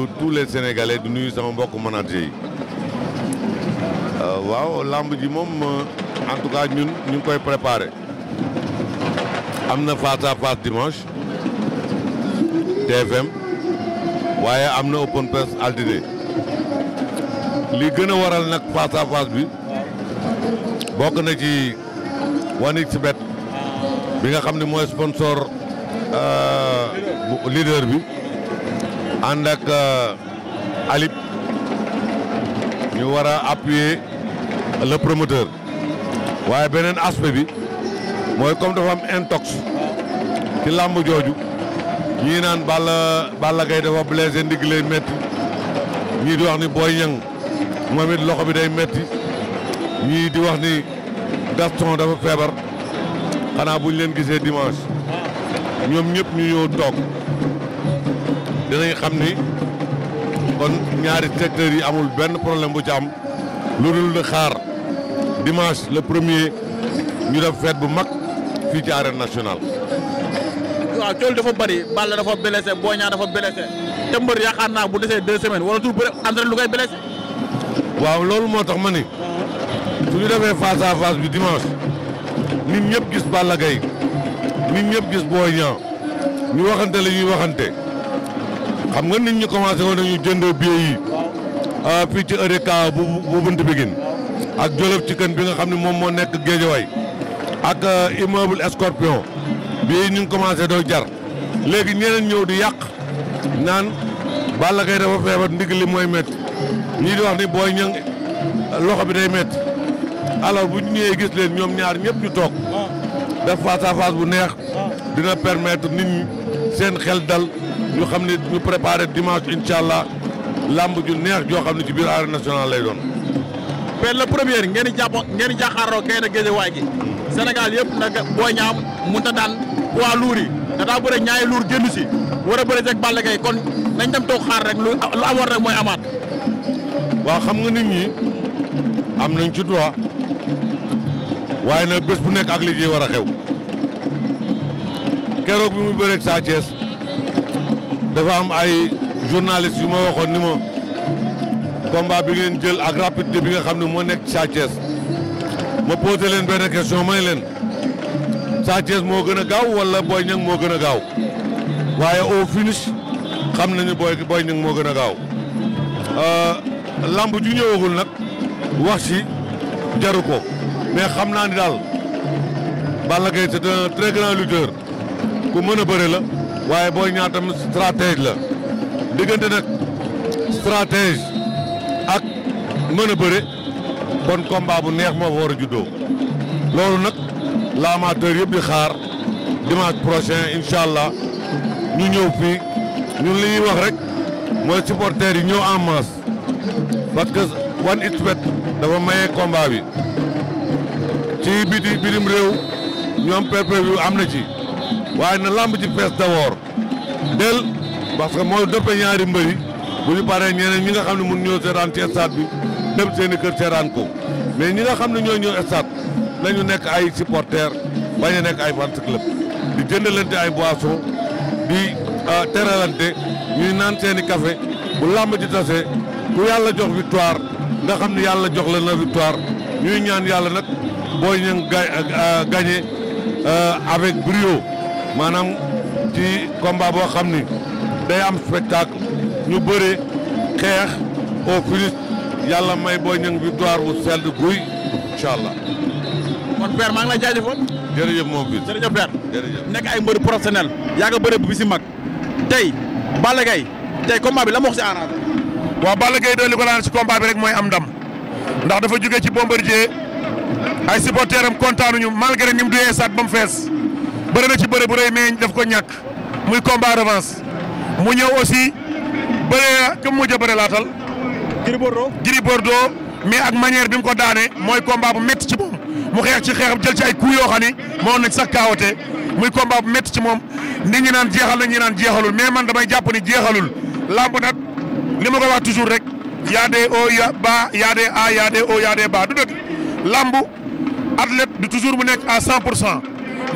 nuyu tous les sénégalais di nuyu sama mbokk manager yi euh, waaw lamb ji moom euh, en ñun ñu ngi koy préparé am na face à dimanche TFM waaye am na open press altine li gën a waral nag face à face bi bokk na ci one bet bi nga xam ne mooy sponsor euh, leader bi. andak ak Alip ñu wara appuyer le promoteur waye benen aspect bi moy comme dafa am intox ci lamb joju ñi nan Balla Balla gay dafa blessé ndig lay metti ñi di wax ni Boy ñang momit loxo bi day metti ñi di wax ni Gaston dafa febar xana bu ñu leen gisee dimanche ñom ñep ñu tok danañu xam ni kon ñaari secteurs yi amul benn problème bu ci am lu dul di xaar dimanche le premier ñu def fête bu mag fii ci arène nationale. waaw coow dafa bari Balla dafa blessé Boy Niang dafa blessé te mbër naa bu desee deux semaine wala tout bëre entraîne lu koy blessé. waaw loolu moo tax ma ni su ñu defee face bi dimanche nit ñëpp gis Balla Gaye nit ñëpp gis Boy Niang ñu waxante la waxante. xam nga nit ñi commencé woon nañu jëndo billet yi euh, fi ci EDK bu buntu bunt Pikine ak jollof ci kën bi nga xamni mom mo nekk nekk way ak euh, immeuble Scorpion bi ñu commencé do jar légui ñeneen ñew di yaq naan Balla kay dafa apa apa li mooy métti di wax ni boy ñang euh, loxo bi day met alors bu ñu ñëwee gis leen ñom ñaar ñepp ñu tok def face à face bu neex dina permettre nit ñi seen xel dal ñu xam ne ñu préparé dimanche incha allah lamb ju neex joo xam ne ci biir arène nationale lay doon. mais le premier ngeen di jàpp ngeen di jàkkaarloo kay na géejewaay gi. Sénégal yëpp nag booy ñaam mënut a daan waa lourd yi da daa bëre ñaari génn si war a bëre rek Balla Gaye kon nañ dem toog xaar rek lu amoon rek mooy amaat. waaw xam nga nit ñi am nañ ci droit waaye nag bés bu nekk ak li ci war a xew keroog bi mu bëreeg Sa Thiès dafa am ay journaliste yu ma waxoon ni ma combat bi ngeen jël ak rapidité bi nga xam ne moo nekk Sa ma posé leen benn question may leen Sa moo gën a gaaw wala booy Niang moo gën a gaaw waaye au finish xam nañu booy booy Niang moo gën a gaaw euh, lamb ju ñëwagul nag wax ci jaru ko mais xam naa ni daal Balla Gaye c'est un très grand lutteur ku mën a bëre la. waaye Boy Niang tam la diggante nag stratège ak mën a bëre bon combat bu neex moo fa war a juddoo loolu nag la amateur yëpp di xaar dimanche prochain incha allah ñu ñëw fii ñun lañuy wax rek mooy supporters yi ñëw en masse parce que one it wet dafa maye combat bi ci biti bitim réew ñoom am PPV am na ci. waaye na làmb ci fees d'abord del parce que mooy dëppe ñaari mbëri bu ñu paree ñeneen ñi nga xam ne mun ñëw seetaan ci stade bi dem seeni i kër seetaan ko mais ñi nga xam ne ñoo ñëw stade nañu nekk ay supporters bañ a nekk ay fans club di jëndalante ay boissons di euh, teralante ñuy naan seen i café bu lamb ci tase ku yàlla jox victoire nga xam ne yàlla jox la na victoire ñuy ñaan yàlla nag booy ñëw euh, gagné euh, avec brio. maanaam ci combat boo xam ni day am spectacle ñu bëre xeex au plus yàlla may Boy Niang victoire bu sedd guy incha allah. kon père maa ngi lay jaajëfal. jërëjëf moom bi nekk ay mbëri professionnel. yaa ngi bëre si mag. tey Balla Gaye tey combat bi la ma wax si arrangé. waaw Balla Gaye de li ko si combat bi rek mooy am ndam ndax dafa jógee ci Bombardier ay supporteurs am kontaanuñu malgré ni mu duyee stade ba fees. bëri na ci bëri bu rëy mais daf ko ñàkk muy combat revanche mu ñëw aussi bëree këm mu mujj a bëri laatal. Gris Bordeaux Gris Bordeaux mais ak manière bi mu ko daane mooy combat bu métti ci moom mu xeex ci xeexam jël ci ay coups yoo xam ni moo nekk sax kaawate muy combat bu métti ci moom nit ñi naan jeexal na ñi naan jeexalul mais man damay jàpp ni jeexalul lamb nag li ma koy wax toujours rek yaa dee o ya ba yaa dee a yaa dee o yaa dee ba du dëgg làmb athlète du toujours mu nekk à 100 pour cent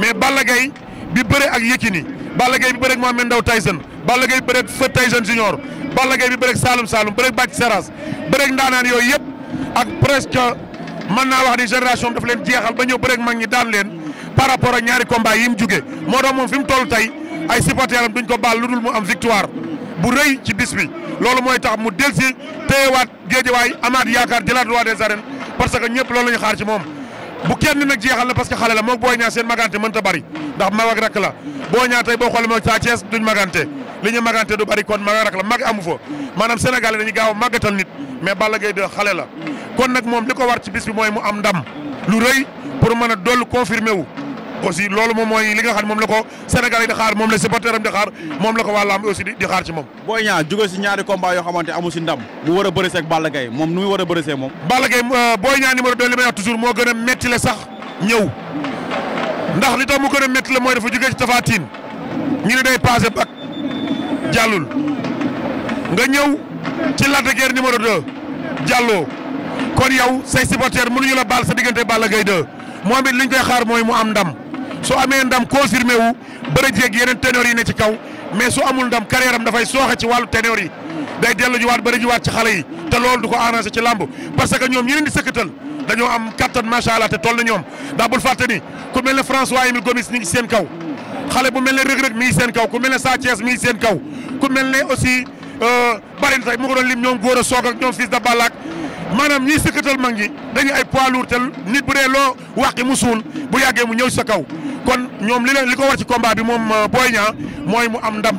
mais Balla Gaye bi bëre ak Yékini Balla Gaye bi bëre ak Mohamed Ndao Tyson Balla Gaye bi bëre ak Feu Tyson Balla Gaye bi bëre ak Saloum Saloum bëre ak Bathie ndaanaan yooyu yëpp ak presque mën naa wax ni génération daf leen jeexal ba ñëw bëre ak mag ñi daan leen par rapport ak ñaari combat yi mu jugee moo tax moom fi mu toll tey ay supporteram duñ ko baal lu dul mu am victoire bu rëy ci bis loolu mooy tax mu delsi téyewaat géejewaay amaat yaakaar jëlaat roi bu kenn nag jeexal la parce que xale la moom booy ñaa seen magante mënta bari ndax mag ak la boo ñaa tey boo xoolee moom Sa Thiès duñ magante li ñu magante du bari kon mag ak la mag amu fa maanaam Sénégal dañuy gaaw a màggatal nit mais Balla gay de xale la kon nag moom li ko war ci bis bi mooy mu am ndam lu rëy pour mën a dollu confirmé wu aussi loolu moom mooy li nga xam moom la ko Sénégal yi di xaar moom la supporter am di xaar moom la ko waa lamb aussi di xaar ci mom Boy Niang jóge si ñaari combat yoo xamante amul si ndam mu a ak Balla Gaye moom nu muy war a bërisee moom Balla Gaye euh, Boy Niang numéro 2 li may wax toujours moo gën a métti la sax ñëw ndax li tax mu gën la dafa jógee ci Tapha Tine ñu day passé bac jàllul nga ñëw ci Lac de Guiers numéro 2 jàlloo kon yow say supporter mënuñu la baal sa diggante Balla 2 koy xaar mu am ndam su amee ndam confirmé wu bëri jéeg yeneen ténor yi ne ci kaw mais su amul ndam carrière am dafay sooxe ci wàllu ténor yi day dellu jiwaat bëri waat ci xale yi te loolu du ko arrangé ci làmb parce que ñoom ñi leen di sëkkatal am kattan macha allah te toll na ñoom ndax bul fàtte ni ku mel ne François Émile Gomis mi ngi seen kaw xale bu mel ne Reug Reug mi ngi seen kaw ku mel ne Sa Thiès mi seen kaw mel ne aussi euh, bari na tey mu ko doon lim ñoom góor a soog ak ñoom fils de Balla ak maanaam ñiy sëkkatal mag ñi dañuy ay poids lourd nit bu dee loo waxi mu suul bu yàggee mu ñëw sa kaw kon ñoom li leen li ko war ci combat bi moom euh, Boy Niang mooy mu am ndam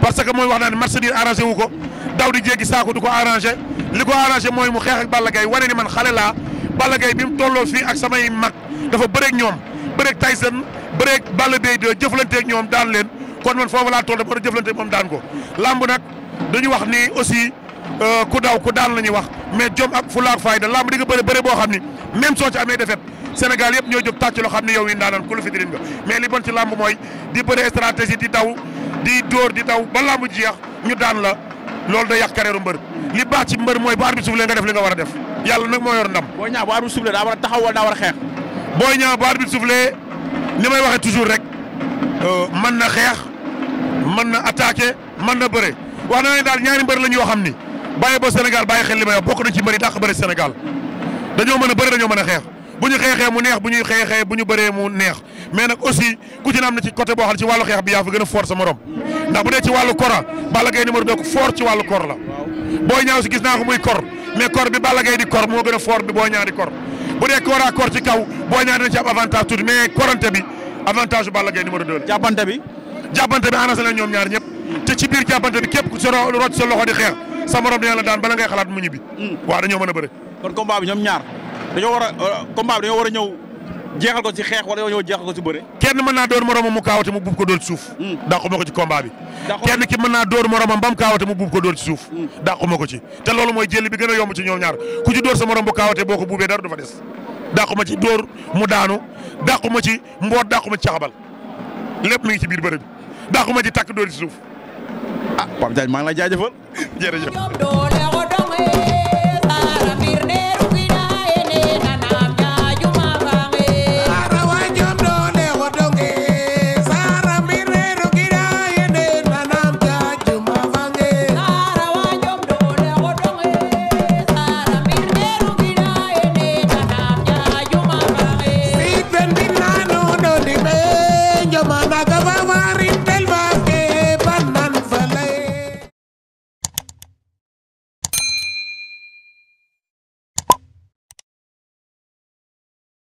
parce que mooy wax naa ne match bi arrangé wu ko daw di jéggi saako du ko arrangé li ko arrangé mooy mu xeex ak Balla Gaye wane ni man xale laa Balla Gaye bi mu tolloo fii ak samay mag dafa bëreeg ñoom bëreeg Tyson bëreeg Balla Gaye de jëflanteeg ñoom daan leen kon man foofu laa toll dafa war a jëflanteeg moom daan ko. lamb nag dañu wax ni aussi euh, ku daw ku daan la ñuy wax mais jom ak fulla ak fayda lamb di nga boo xam ni même soo ci amee défaite Sénégal yëpp ñoo jóg tàcc loo xam ne yow yi ndaanaan ku lu fi dirin nga mais li bon ci làmb mooy di bëre stratégie di daw di dóor di daw ba làmb jeex ñu daan la loolu day yàq carrière mbër li baax ci mbër mooy bu arbitre soufflé nga def li nga war a def yàlla nag moo yor ndam. booy ñaa bu arbitre soufflé daa a taxaw wala war a xeex. booy ñaa bu arbitre soufflé ni may waxee toujours rek euh, mën na xeex man na attaqué man na bëre wax na ne daal ñaari mbër la yoo xam ni bàyyi ba Sénégal bàyyi xel li may wax bokk na ci mbër yi dàq bëri dañoo mën a bëri dañoo mën a xeex bu ñu xeexee mu neex bu ñuy xeexee bu ñu bëree mu neex mais nag aussi ku ci ne am na ci côté boo xam ne ci wàllu xeex bi yaa fa gën a fort sa morom ndax bu dee ci wàllu kora Balla Gaye numéro 2 gis naa ko muy kor mais kor bi Balla Gaye di kor a fort bi Boy Niang di kor bu dee kor à kor ci kaw Boy Niang dina ci am avantage tuuti mais korante bi avantage Balla Gaye numéro 2 jàppante bi. jàppante bi anase ñoom ñaar ñëpp te ci biir jàppante bi képp ku sa roc sa loxo di xeex sa morom dina la daan bala xalaat mu ñibbi. Mm. waaw dañoo a bëre. kon dañoo war a euh, combat bi dañoo war a ñëw jeexal ko ci xeex wala ñëw jeexal ko ci bëre. kenn mën naa door moromam mu kaawate mu buub ko doon ci suuf. Hmm. dàquma ko ci combat bi. kenn ki mën naa door moromam ba mu kaawate mu buub ko doon ci suuf. Hmm. dàquma ko ci te loolu mooy jëli bi gën a yomb ci ñoom ñaar ku ci door sa morom bu kaawate boo ko buubee dara du fa des. dàquma ci door mu daanu dàquma ci mboot dàquma ci caxabal lépp mi ngi ci biir bëre bi dàquma ci takk door ci suuf. ah Pape maa ngi lay jaajëfal jërëjëf